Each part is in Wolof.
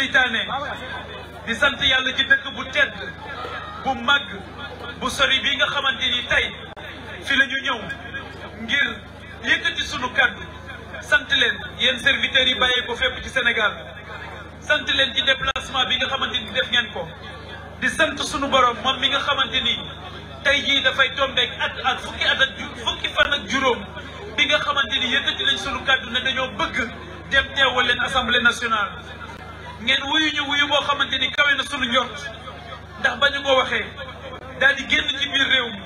seytaane di sant yàlla ci dëkk bu tedd bu màgg bu sori bii nga xamante ni tey fi la ñëw ngir yëkkati sunu kàddu sant leen yéen serviteurs yi bàyyee ko fépp ci Sénégal sant leen ci déplacement bi nga xamante ni def ngeen ko di sant sunu borom moom mi nga xamante ni tey jii dafay tombeek at at ak fukki fan ak juróom bi nga xamante ni yëkkati nañ sunu kàddu ne dañoo bëgg dem teewal leen assemblée nationale ngeen wuyuñu wuyu boo xamante ni kawe na sunu njort ndax ba ñu ko waxee daal di génn ci biir réew mi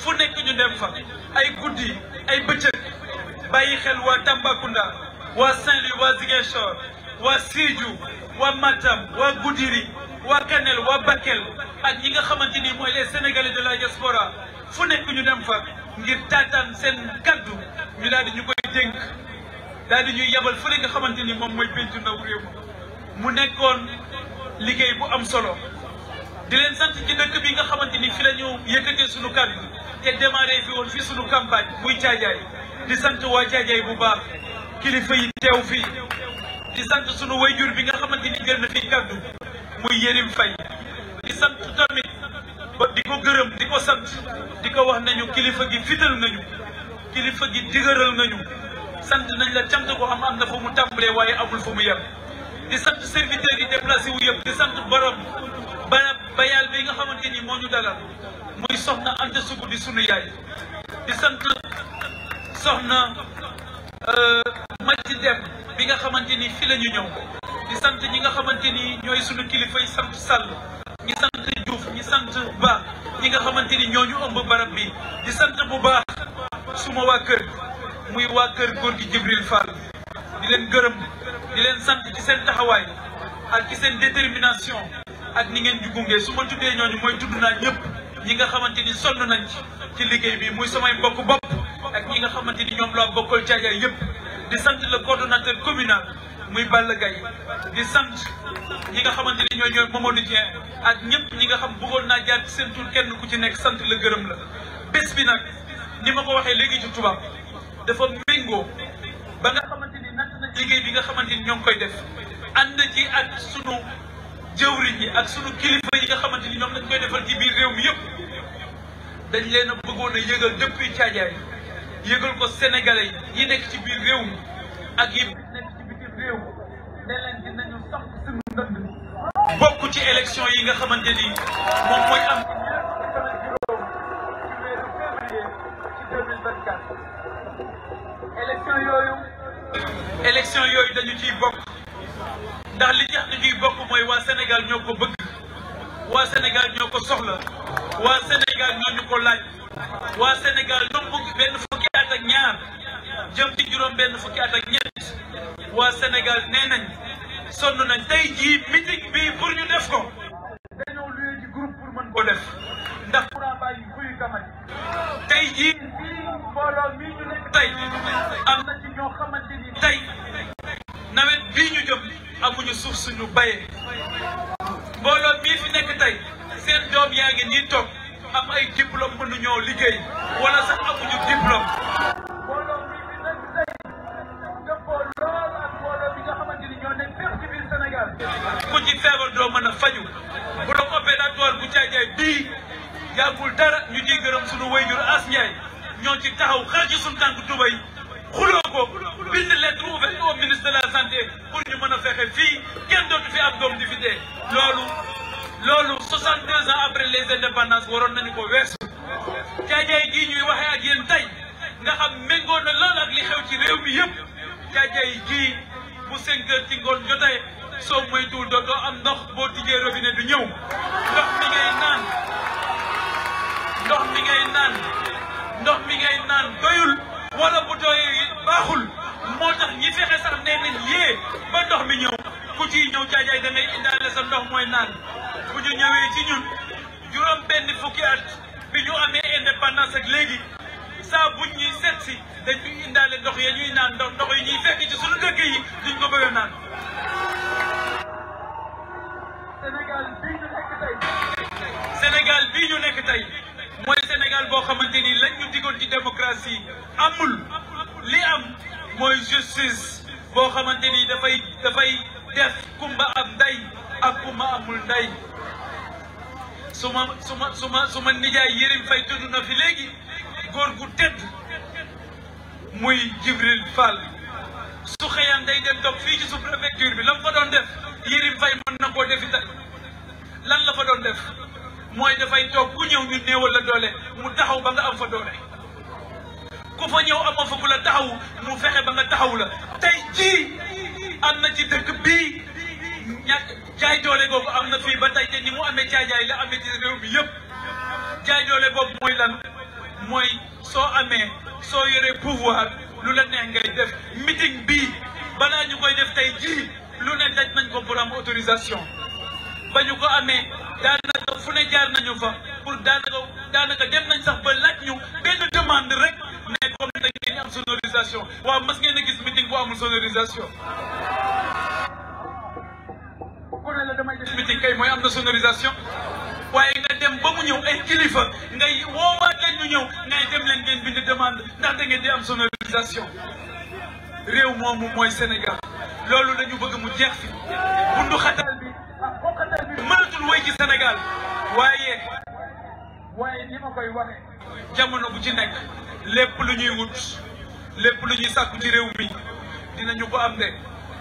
fu nekk ñu dem fa ay guddi ay bëccëg bàyyi xel waa Tambacounda waa Saint-Louis waa Ziguinchor waa Sédhiou waa Matam waa Goudiri waa Kanel waa Bakel ak ñi nga xamante ni mooy les sénégalais de la diaspora fu nekk ñu dem fa ngir taataan seen kaddu ñu daal di ñu koy dénk daal di ñuy yabal fu nga xamante ni moom mooy pentu ndaw réew mu nekkoon liggéey bu am solo di leen sant ci dëkk bi nga xamante ni fi la ñu yëkkatee sunu kàddu te démarré fi woon fi sunu campagne muy caajaay di sant waa caajaay bu baax kilifa yi teew fii di sant sunu jur bi nga xamante ni jël na fi kàddu muy Yérim Faye di sant tamit ba di ko gërëm di ko sant di ko wax nañu kilifa gi fital nañu kilifa gi digëral nañu sant nañ la cant ko am am na fa mu tàmbalee waaye amul fa mu yem di sant serviteurs yi déplacé wu yëpp di sant borom ba bayal bi nga xamante ni moo ñu dalal muy soxna Anta Sougou di sunu yaay di sant soxna euh, Mati Dem bi nga xamante ni fi la ñu ñëw di sant ñi nga xamante ni ñooy sunu kilifa yi sant Sall ñi sant Diouf ñi sant Ba ñi nga xamante ni ñooñu ëmb barab bi di sant bu baax suma waa kër muy waa kër góor gi Jibril Fall di leen gërëm di leen sant ci seen taxawaay ak ci seen détermination ak ni ngeen jugungee su ma tuddee ñooñu mooy tudd naa ñëpp ñi nga xamante ni sonn nañ ci ci liggéey bi muy samay mbokk bopp ak ñi nga xamante ni ñoom laa bokkal caajaay yëpp di sant le coordonnateur communal muy Balla Gaye di sant ñi nga xamante ni ñooy ñooy Mamadou Dieng ak ñëpp ñi nga xam bëggoon naa jaar ci seen tur kenn ku ci nekk sant la gërëm la bés bi nag ni ma ko waxee léegi ci tubaab dafa méngoo ba nga xamante liggéey bi nga xamante ni ñoo ngi koy def ànd ci ak sunu jëwriñ yi ak sunu kilifa yi nga xamante ni ñoom dañ koy defal ci biir réew mi yëpp dañ leen a bëggoon a yëgal depuis Caajaay yëgal ko sénégalais yi nekk ci biir réew mi ak yi nekk ci bitim réew ne leen dinañu sax sunu ndënd bokk yi nga xamante ni moom mooy am élection yooyu dañu ciy bokk ndax li tax ñu ciy bokk mooy waa Sénégal ñoo ko bëgg waa Sénégal ñoo ko soxla waa Sénégal ñoo ñu ko laaj waa Sénégal ñoom mu benn fukki at ak ñaar jëm ci juróom benn fukki at ak ñett waa Sénégal nee nañ sonn nañ tey jii meeting bi pour ñu def ko dañoo ko def ndax tey jii tey am ñu suuf suñu bayee mbooloo mii fi seen doom yaa ngi nii toog am ay diplôme liggéey wala sax ak mbooloo nga xamante ni ñoo nekk fépp ci biir Sénégal. ku ci feebar doo mën a faju bloc opératoire bu Thiadiaye bii yàggul dara ñu ciy gërëm suñu wayjur As ñoo ci taxaw xar ci suñu tànk Dubaï. xuloo ko bind lettre ouverte au ministre de la santé pour ñu mën a fexe fii kenn dootu fi am doom di fi dee loolu loolu 62 ans après les indépendances waroon nañu ko weesu caajaay gii ñuy waxee ak yéen tey nga xam méngoo na lool ak li xew ci réew mi yëpp caajaay gii bu 5 heures ci ngoon jotee soo moytuwul dootoo am ndox boo tijjee robinet du ñëw ndox mi ndox mi ngay naan ndox mi ngay naan doyul. wala bu doyee baaxul moo tax ñi fexe sax nee nañ yee ba ndox mi ñëw ku ciy ñëw jaajaay da ngay indaale sa ndox mooy naan bu ñu ñëwee ci ñun juróom benn fukki at bi ñu amee indépendance ak léegi saa buñ ñuy seet si dañuy indaale ndox ya ñuy naan ndox ndox yi ñuy fekk ci suñu dëkk yi duñ ko bëgg a naan Sénégal bii ñu nekk tey boo xamante ni lañ ñu digoon ci démocratie amul li am mooy justice boo xamante ni dafay dafay def kumba am nday ak kumba amul nday su ma su ma su ma su ma nijaay Yérim Fay tudd na fi léegi góor gu tedd muy Jibril Fall su xëyaan day dem toog fii ci sous bi la mu fa doon def Yérim Fay mën na koo defi lan la fa doon def mooy dafay toog ku ñëw ñu néewal la doole mu taxaw ba nga am fa doole ku fa ñëw amoo fa ku la taxaw mu fexe ba nga taxaw la tey jii am na ci dëkk bii ñàkk jaay doole googu am na fii ba tey te ni mu amee caajaay la amee ci réew mi yëpp jaay doole googu mooy lan mooy soo amee soo yoree pouvoir lu la neex ngay def meeting bi balaa ñu koy def tey jii lu ne daj nañ ko pour am autorisation ba ñu ko amee daanaka fu ne jaar nañu fa. pour daanaka daanaka dem nañ sax ba laaj ñu benn demande rek ne comme nag ngeen am sonorisation waaw mas ngeen a gis meeting bu amul sonorisation. ku ne la damay def meeting kay mooy am na sonorisation waaye nga dem ba mu ñëw ay kilifa ngay woowaat leen ñëw ngay dem leen ngeen bind demande ndax da ngeen di am sonorisation réew moomu mooy Sénégal loolu la bëgg mu jeex fi bundu xatal mënatul wéy ci Sénégal waaye waaye ni ma koy waxee. jamono bu ci nekk lépp lu ñuy wut lépp lu ñuy sàkku ci réew mi dinañu ko am de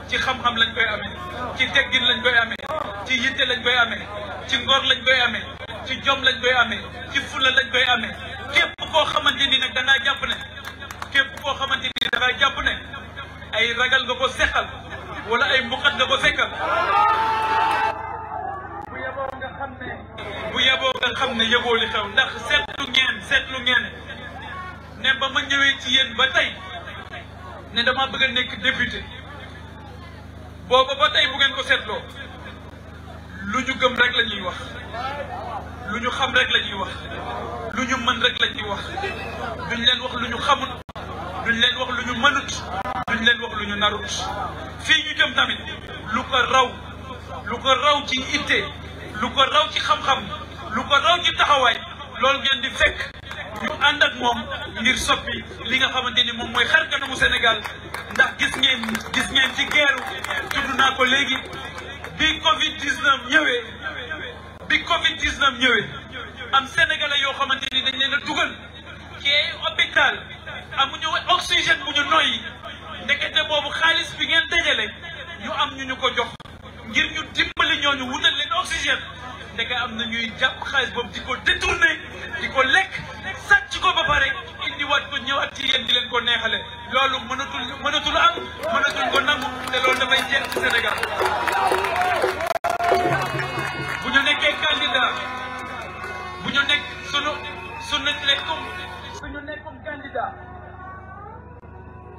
ci xam-xam lañ koy amee ci teggin lañ koy amee ci yitte lañ koy amee ci ngor lañ koy amee ci jom lañ koy amee ci fula lañ koy amee képp koo xamante ni nag da ngaa jàpp ne képp koo xamante ni da ngaa jàpp ne ay ragal nga ko seqal wala ay mbuqat nga ko seqal. yeboo nga xam ne yeboo li xew ndax seetlu ngeen seetlu ngeen ne ba ma ñëwee ci yéen ba tey ne dama bëgg a nekk député booba ba tey bu ngeen ko seetloo lu ñu gëm rek la ñuy wax lu ñu xam rek la ñuy wax lu ñu mën rek la ñuy wax leen wax lu ñu xamut duñ leen wax lu ñu mënut duñ leen wax lu ñu narut fii ñu jëm tamit lu ko raw lu ko raw ci itte lu ko raw ci xam-xam lu ko raw ci taxawaay loolu ngeen di fekk ñu ànd ak moom ngir soppi li nga xamante ni moom mooy xar kanamu Sénégal ndax gis ngeen gis ngeen ci geeru tudd naa ko léegi bi Covid 19 ñëwee bi Covid 19 ñëwee am sénégalais yoo xamante ni dañ leen a dugal ci hôpital amuñu oxygène bu ñu noyyi ndekete boobu xaalis bi ngeen dajale ñu am ñu ñu ko jox ngir ñu dimbali ñooñu wutal leen oxygène. ndeke am na ñuy jàpp xaalis boobu di ko détourné di ko lekk sàcc ko ba pare indiwaat ko ñëwaat ci yéen di leen ko neexale loolu mënatul mënatul am mënatul ko nangu te loolu dafay jeex ci Sénégal bu ñu nekkee candidat bu ñu nekk sunu sunu nekkum sunu nekkum candidat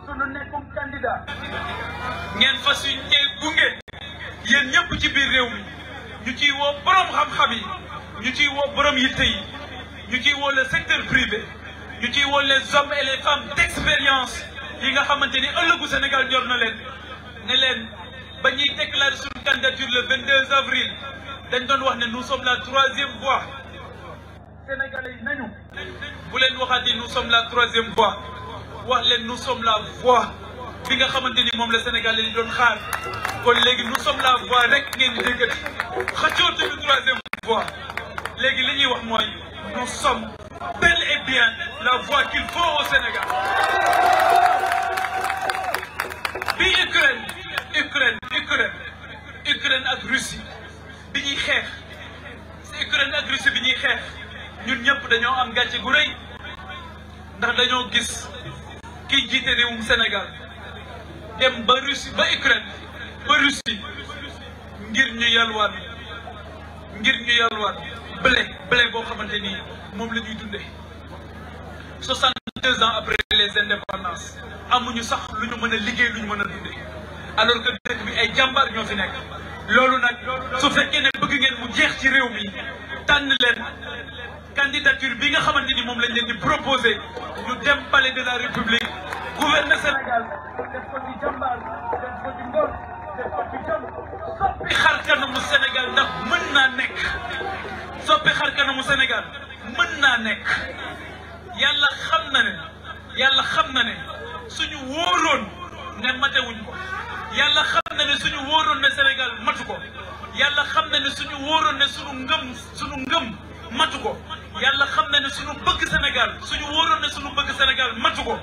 sunu nekkum candidat ngeen fas yu gunge yéen ñëpp ci biir réew mi ñu ciy woo borom xam-xam yi ñu ciy woo borom yitte yi ñu ciy woo le secteur privé ñu ciy woo le hommes et les femmes d'expérience yi nga xamante ni ëllëgu Sénégal ñor na leen ne leen ba ñuy déclarer suñu candidature le 22 avril dañ doon wax ne nous sommes la troisième voie. Sénégalais yi nañu. bu leen waxaatee nous sommes la troisième voie wax leen nous sommes la voie. bi nga xamante ni moom la Sénégal yi doon xaar kon léegi nous sommes la voix rek ngeen déggati xëccoo tamit troisième voix léegi li ñuy wax mooy nous sommes bel et bien la voix qu'il faut au Sénégal bi Ukraine Ukraine Ukraine Ukraine ak Russie bi ñuy xeex si Ukraine ak Russie bi ñuy xeex ñun ñëpp dañoo am gàcce gu dañoo gis kiy jiite réewum Sénégal dem ba Russie ba Ukraine ba Russie ngir ñu yalwaan ngir ñu yalwaan blé blé boo xamante ni moom la ñuy dundee soixante-deux ans après les indépendances amuñu sax lu ñu mën a liggéey lu ñu mën a dundee alors que dëkk bi ay jàmbaar ñoo fi nekk loolu nag su fekkee ne bëgg ngeen mu jeex ci réew mi tànn leen candidature bi nga xamante ni moom lañ leen di proposé ñu dem palais de la république gouverner Sénégal ko ci jàmbaar def ko ci soppi xar kanamu Sénégal ndax mën naa nekk soppi xar kanamu Sénégal mën naa nekk yàlla xam na ne yàlla xam na ne suñu wóoroon ne matewuñ ko yàlla xam na ne suñu wóoroon ne Sénégal matu ko yàlla xam na ne suñu wóoroon ne su ngëm suñu ngëm matu ko yàlla xam na ne suñu bëgg Sénégal suñu wóoroon ne suñu bëgg Sénégal matu ko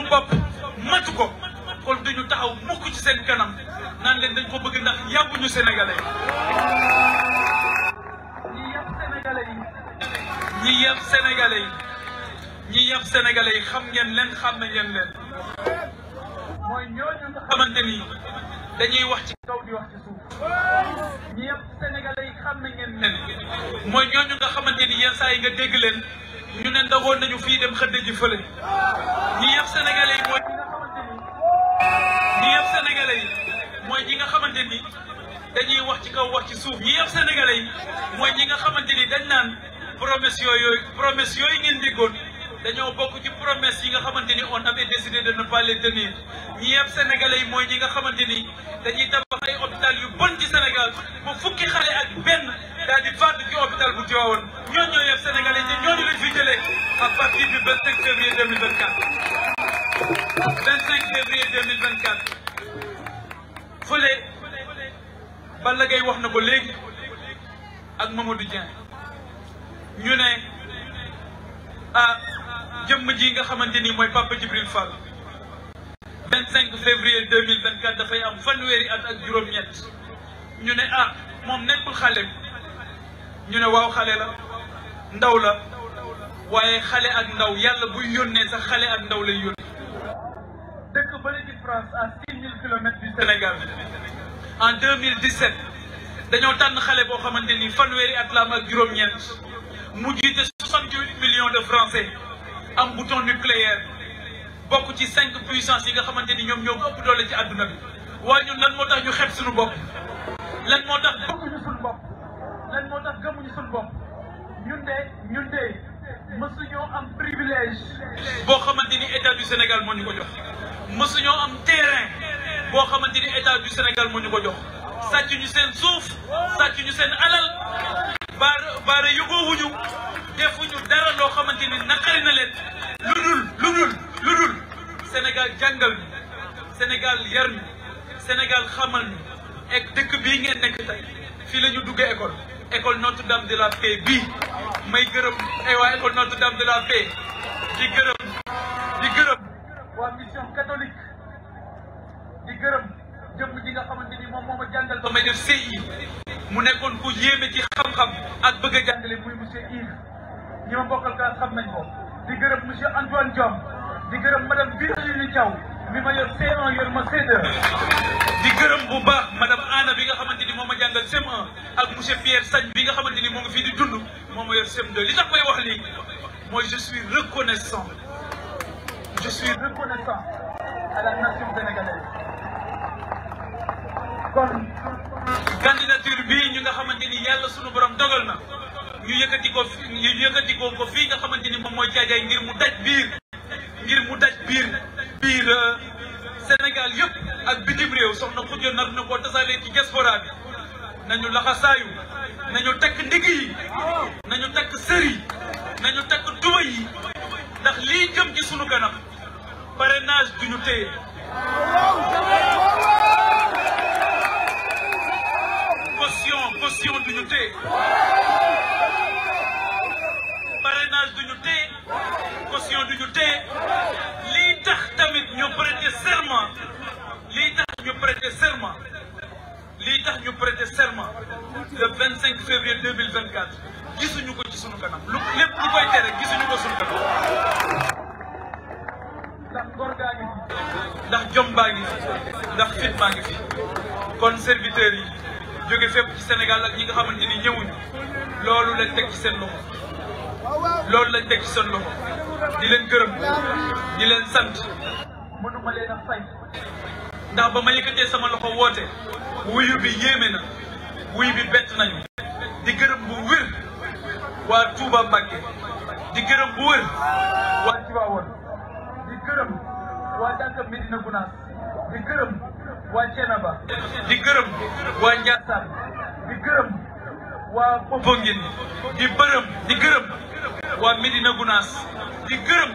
sunu bopp matu ko kon dañu taxaw mukk ci seen kanam leen dañ ko bëgg ndax yàgguñu sénégalais ñi yàpp sénégalais yi ñi yàpp sénégalais yi ñi yàpp sénégalais yi xam ngeen leen xam ngeen leen mooy ñooñu nga xamante ni dañuy wax ci kaw di wax ci suuf ñi yàpp sénégalais yi xam ngeen leen mooy ñooñu nga xamante ni yenn saa yi nga dégg leen ñu ne ndagoon nañu fii dem xëdd ji fële ñi yëpp sénégalais yi mooy ñi nga xamante ni ñi yëpp yi mooy ñi nga xamante ni dañuy wax ci kaw wax ci suuf yëpp sénégalais yi mooy ñi nga xamante ni dañ naan promesse yooyu promesse yooyu ngeen déggoon dañoo bokk ci promesse yi nga xamante ni on avait décidé de ne pas les tenir ñi yëpp sénégalais yi mooy ñi nga xamante ni dañuy tabax ay hôpital yu bon ci Sénégal ba fukki xale ak benn daal di fàdd ci hôpital bu Tivaouane ñooñu ñoo yëf sénégalais te ñooñu lañ fi jëlee à partir du 25 février 2024. 25 février 2024 fële Balla Gaye wax na ko léegi ak Mamadou Dieng ñu ne ah jëmm ji nga xamante ni mooy Papa Djibril Fall. 25 février 2024 dafay am fanweeri at ak juróom-ñett ñu ne ah moom nekkul xale ñu ne waaw xale la ndaw la waaye xale ak ndaw yàlla buy yónnee sax xale ak ndaw lay yónnee. dëkk bële di France à six Sénégal en deux mille dix sept dañoo tànn xale boo xamante ni fanweeri at la am ak juróom-ñeent mu jiite soixante huit millions de français am bouton nucléaire bokk ci cinq puissances yi nga xamante ni ñoom ñoo ko ëpp doole ci àdduna bi waaye ñun lan moo tax ñu xeeb suñu bopp lan moo tax lan moo tax gëmuñu suñu bopp ñun de ñun de mësuñoo am privilège. boo xamante ni état du Sénégal moo ñu ko jox mësuñoo am boo xamante ni état du Sénégal moo ñu ko jox sàcc ñu seen suuf sàcc ñu seen alal baar baare yóbboowuñu defuñu dara loo xamante ni naqari na leen lu dul lu dul lu dul Sénégal jàngal ñu Sénégal yar ñu Sénégal xamal ñu ak dëkk bii ngeen nekk tey fii la ñu école. école Notre-Dame de la Paix bi may gërëm ay eh waa école Notre-Dame de la Paix di gërëm di gërëm waa mission catholique di gërëm jëmm ji nga xamante ni moom moo ma jàngal ba may def CI mu nekkoon ku yéeme ci xam-xam ak bëgg a jàngale muy monsieur Yves ñi ma bokkal classe xam nañ ko di gërëm monsieur Antoine Diom di gërëm madame Virginie Thiaw mi ma yor C1 yor ma C2 di gërëm bu baax madame Anna bi CM1 ak monsieur Pierre Sagne bi nga xamante ni moo ngi fii di dund moom moo yor CM2 li tax may wax lii mooy je suis reconnaissant je suis reconnaissant à la nation sénégalaise kon candidature bii ñu nga xamante ni yàlla sunu borom dogal na ñu yëkkati ko ñu yëkkati ko ko fii nga xamante ni moom mooy caajaay ngir mu daj biir ngir mu daj biir biir euh, Sénégal yëpp ak bitim réew soxna Khoudia nar na ko tasaale ci diaspora bi nañu laxasaayu nañu takk ndigg yi nañu takk sër yi nañu takk duba yi ndax lii jëm ci sunu kanam parrainage du ñu téye caution caution du ñu téye parrainage du lii tax tamit ñu prêter serment lii tax tax ñu prêter serment le 25 février 2024 gisuñu ko ko sunu kanam. ndax góor gaa ngi fi ndax jom baa ngi fi ndax fit maa ngi fi kon serviteurs yi jóge fépp ci Sénégal ak ñi nga xamante ni ñëwuñu loolu lañ teg ci seen loxo loolu lañ teg ci seen loxo di leen gërëm di leen sant mënuma leen a fay ndax ba ma yëkkatee sama loxo woote. wuyu bi yéeme na wuyu bi bett nañu di gërëm bu wér waa Touba Mbacké di gërëm bu wér waa Tivaouane di gërëm waa Dakar Medina Gounass di gërëm waa Thiénaba di gërëm waa Ndiassane di gërëm waa Popenguine di bërëm di gërëm waa Medina Gounass di gërëm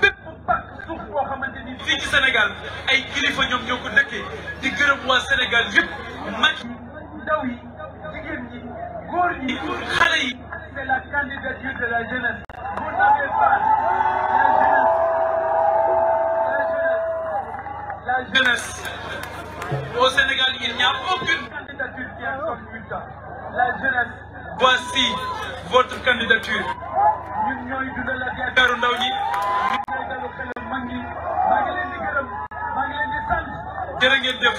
bépp pàkk suuf boo xamante fii ci Sénégal ay kilifa ñoom ñoo ko dëkkee di gërëm waa Sénégal yëpp mag yi ndaw yi jigéen ñi góor ñi xale yi c'est la candidature de la jeunesse vous n'avez pas la jeunesse la jeunesse au Sénégal il n'y a aucune candidature qui a comme résultat la jeunesse voici jërë ngeen jëf